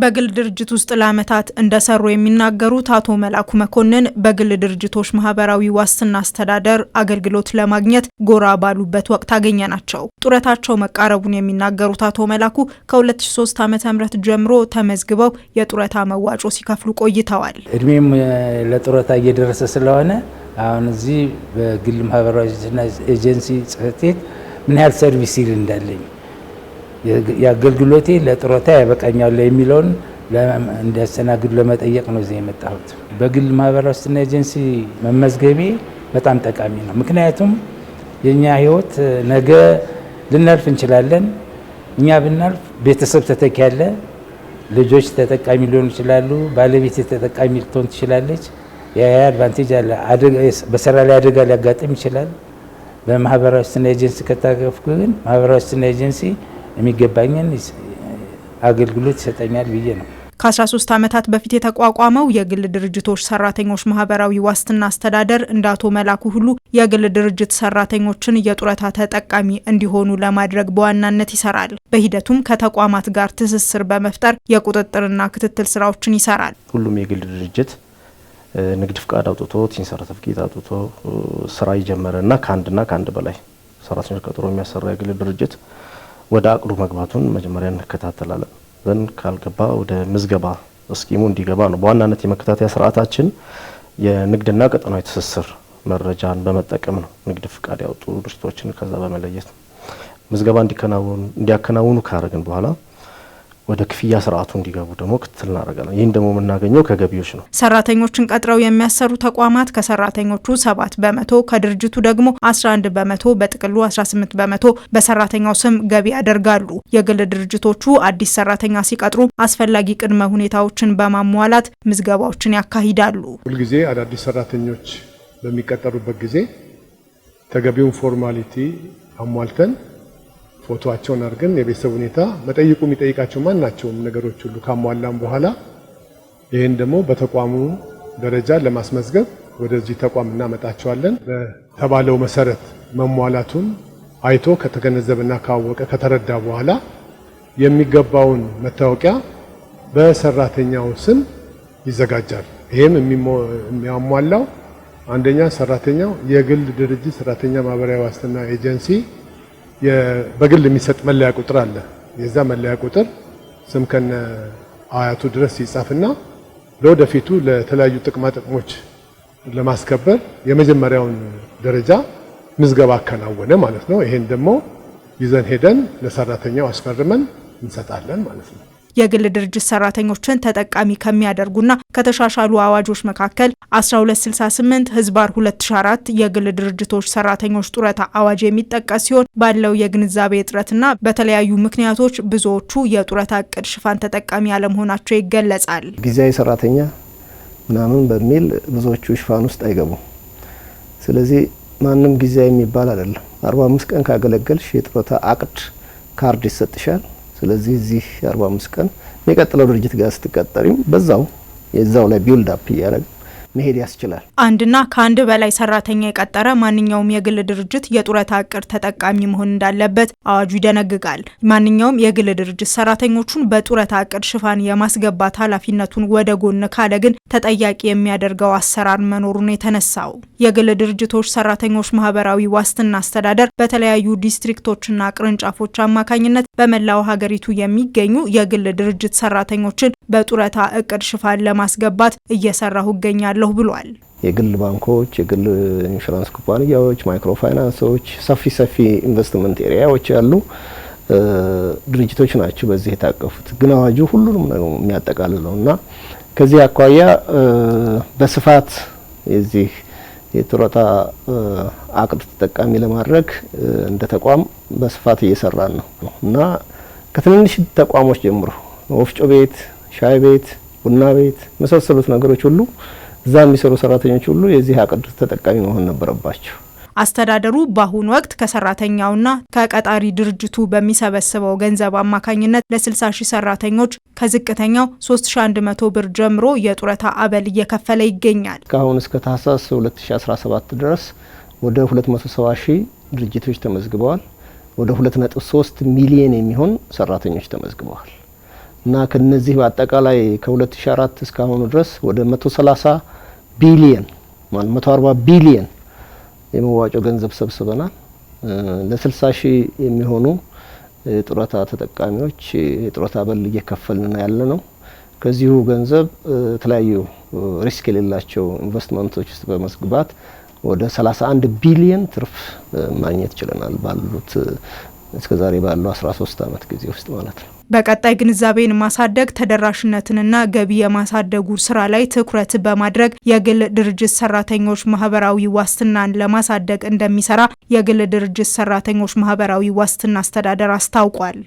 በግል ድርጅት ውስጥ ለዓመታት እንደሰሩ የሚናገሩት አቶ መላኩ መኮንን በግል ድርጅቶች ማህበራዊ ዋስትና አስተዳደር አገልግሎት ለማግኘት ጎራ ባሉበት ወቅት አገኘ ናቸው። ጡረታቸው መቃረቡን የሚናገሩት አቶ መላኩ ከ2003 ዓ.ም ጀምሮ ተመዝግበው የጡረታ መዋጮ ሲከፍሉ ቆይተዋል። እድሜም ለጡረታ እየደረሰ ስለሆነ አሁን እዚህ በግል ማህበራዊ ኤጀንሲ ጽህፈት ቤት ምን ያህል ሰርቪስ ይል እንዳለኝ የአገልግሎቴ ለጥሮታ ያበቃኛል የሚለውን እንዲያስተናግዱ ለመጠየቅ ነው እዚህ የመጣሁት። በግል ማህበራዊ ኤጀንሲ መመዝገቤ በጣም ጠቃሚ ነው። ምክንያቱም የእኛ ህይወት ነገ ልናልፍ እንችላለን። እኛ ብናልፍ ቤተሰብ ተተኪ ያለ ልጆች ተጠቃሚ ሊሆኑ ይችላሉ። ባለቤት ተጠቃሚ ልትሆን ትችላለች። የያ አድቫንቴጅ አለ። በስራ ላይ አደጋ ሊያጋጥም ይችላል። በማህበራዊ ዋስትና ኤጀንሲ ከታቀፍኩ ግን ማህበራዊ ዋስትና ኤጀንሲ የሚገባኝን አገልግሎት ይሰጠኛል ብዬ ነው። ከ13 ዓመታት በፊት የተቋቋመው የግል ድርጅቶች ሰራተኞች ማህበራዊ ዋስትና አስተዳደር እንደ አቶ መላኩ ሁሉ የግል ድርጅት ሰራተኞችን የጡረታ ተጠቃሚ እንዲሆኑ ለማድረግ በዋናነት ይሰራል። በሂደቱም ከተቋማት ጋር ትስስር በመፍጠር የቁጥጥርና ክትትል ስራዎችን ይሰራል። ሁሉም የግል ድርጅት ንግድ ፍቃድ አውጥቶ ቲን ሰርተፍኬት አውጥቶ ስራ የጀመረና ከአንድና ከአንድ በላይ ሰራተኞች ቀጥሮ የሚያሰራ የግል ድርጅት ወደ አቅዱ መግባቱን መጀመሪያ እንከታተላለን። ዘንድ ካልገባ ወደ ምዝገባ እስኪሙ እንዲገባ ነው። በዋናነት የመከታተያ ስርዓታችን የንግድና ቀጠናዊ ትስስር መረጃን በመጠቀም ነው። ንግድ ፍቃድ ያወጡ ድርጅቶችን ከዛ በመለየት ምዝገባ እንዲያከናውኑ ካረግን በኋላ ወደ ክፍያ ስርዓቱ እንዲገቡ ደግሞ ክትትል እናደርጋለን። ይህን ደግሞ የምናገኘው ከገቢዎች ነው። ሰራተኞችን ቀጥረው የሚያሰሩ ተቋማት ከሰራተኞቹ ሰባት በመቶ ከድርጅቱ ደግሞ 11 በመቶ በጥቅሉ 18 በመቶ በሰራተኛው ስም ገቢ ያደርጋሉ። የግል ድርጅቶቹ አዲስ ሰራተኛ ሲቀጥሩ አስፈላጊ ቅድመ ሁኔታዎችን በማሟላት ምዝገባዎችን ያካሂዳሉ። ሁልጊዜ አዳዲስ ሰራተኞች በሚቀጠሩበት ጊዜ ተገቢውን ፎርማሊቲ አሟልተን ፎቶቸውን አድርገን የቤተሰብ ሁኔታ መጠይቁ የሚጠይቃቸው ማናቸውም ነገሮች ሁሉ ካሟላም በኋላ ይህን ደግሞ በተቋሙ ደረጃ ለማስመዝገብ ወደዚህ ተቋም እናመጣቸዋለን። በተባለው መሰረት መሟላቱን አይቶ ከተገነዘበና ካወቀ ከተረዳ በኋላ የሚገባውን መታወቂያ በሰራተኛው ስም ይዘጋጃል። ይህም የሚያሟላው አንደኛ ሰራተኛው የግል ድርጅት ሰራተኛ ማህበራዊ ዋስትና ኤጀንሲ በግል የሚሰጥ መለያ ቁጥር አለ። የዛ መለያ ቁጥር ስም ከነ አያቱ ድረስ ይጻፍና ለወደፊቱ ለተለያዩ ጥቅማ ጥቅሞች ለማስከበር የመጀመሪያውን ደረጃ ምዝገባ አከናወነ ማለት ነው። ይሄን ደግሞ ይዘን ሄደን ለሰራተኛው አስፈርመን እንሰጣለን ማለት ነው። የግል ድርጅት ሰራተኞችን ተጠቃሚ ከሚያደርጉና ከተሻሻሉ አዋጆች መካከል 1268 ህዝባር 2004 የግል ድርጅቶች ሰራተኞች ጡረታ አዋጅ የሚጠቀስ ሲሆን ባለው የግንዛቤ እጥረትና በተለያዩ ምክንያቶች ብዙዎቹ የጡረታ እቅድ ሽፋን ተጠቃሚ አለመሆናቸው ይገለጻል። ጊዜያዊ ሰራተኛ ምናምን በሚል ብዙዎቹ ሽፋን ውስጥ አይገቡም። ስለዚህ ማንም ጊዜያዊ የሚባል አይደለም። አርባ ቀን ካገለገልሽ የጡረታ አቅድ ካርድ ይሰጥሻል። ስለዚህ እዚህ 45 ቀን የሚቀጥለው ድርጅት ጋር ስትቀጠሪም በዛው የዛው ላይ ቢውልድ አፕ እያደረገ መሄድ ያስችላል። አንድና ከአንድ በላይ ሰራተኛ የቀጠረ ማንኛውም የግል ድርጅት የጡረታ እቅድ ተጠቃሚ መሆን እንዳለበት አዋጁ ይደነግጋል። ማንኛውም የግል ድርጅት ሰራተኞቹን በጡረታ እቅድ ሽፋን የማስገባት ኃላፊነቱን ወደ ጎን ካለ ግን ተጠያቂ የሚያደርገው አሰራር መኖሩን የተነሳው የግል ድርጅቶች ሰራተኞች ማህበራዊ ዋስትና አስተዳደር በተለያዩ ዲስትሪክቶችና ቅርንጫፎች አማካኝነት በመላው ሀገሪቱ የሚገኙ የግል ድርጅት ሰራተኞችን በጡረታ እቅድ ሽፋን ለማስገባት እየሰራሁ እገኛለሁ ብሏል። የግል ባንኮች፣ የግል ኢንሹራንስ ኩባንያዎች፣ ማይክሮ ፋይናንሶች፣ ሰፊ ሰፊ ኢንቨስትመንት ኤሪያዎች ያሉ ድርጅቶች ናቸው በዚህ የታቀፉት። ግን አዋጁ ሁሉንም ነው የሚያጠቃልለው እና ከዚህ አኳያ በስፋት የዚህ የጡረታ አቅድ ተጠቃሚ ለማድረግ እንደ ተቋም በስፋት እየሰራን ነው እና ከትንንሽ ተቋሞች ጀምሮ ወፍጮ ቤት ሻይ ቤት፣ ቡና ቤት መሳሰሉት ነገሮች ሁሉ እዛ የሚሰሩ ሰራተኞች ሁሉ የዚህ ቅድር ተጠቃሚ መሆን ነበረባቸው። አስተዳደሩ በአሁኑ ወቅት ከሰራተኛውና ከቀጣሪ ድርጅቱ በሚሰበስበው ገንዘብ አማካኝነት ለ60 ሺህ ሰራተኞች ከዝቅተኛው 3100 ብር ጀምሮ የጡረታ አበል እየከፈለ ይገኛል። ከአሁን እስከ ታህሳስ 2017 ድረስ ወደ 270 ሺህ ድርጅቶች ተመዝግበዋል። ወደ 2.3 ሚሊየን የሚሆን ሰራተኞች ተመዝግበዋል። እና ከነዚህ በአጠቃላይ ከ2004 እስካሁኑ ድረስ ወደ 130 ቢሊየን ማለት 140 ቢሊየን የመዋጮ ገንዘብ ሰብስበናል። ለ60 ሺህ የሚሆኑ የጡረታ ተጠቃሚዎች የጡረታ በል እየከፈልን ያለ ነው። ከዚሁ ገንዘብ የተለያዩ ሪስክ የሌላቸው ኢንቨስትመንቶች ውስጥ በመስግባት ወደ 31 ቢሊየን ትርፍ ማግኘት ችለናል ባሉት እስከ ዛሬ ባለው 13 ዓመት ጊዜ ውስጥ ማለት ነው። በቀጣይ ግንዛቤን ማሳደግ ተደራሽነትንና ገቢ የማሳደጉ ስራ ላይ ትኩረት በማድረግ የግል ድርጅት ሰራተኞች ማህበራዊ ዋስትናን ለማሳደግ እንደሚሰራ የግል ድርጅት ሰራተኞች ማህበራዊ ዋስትና አስተዳደር አስታውቋል።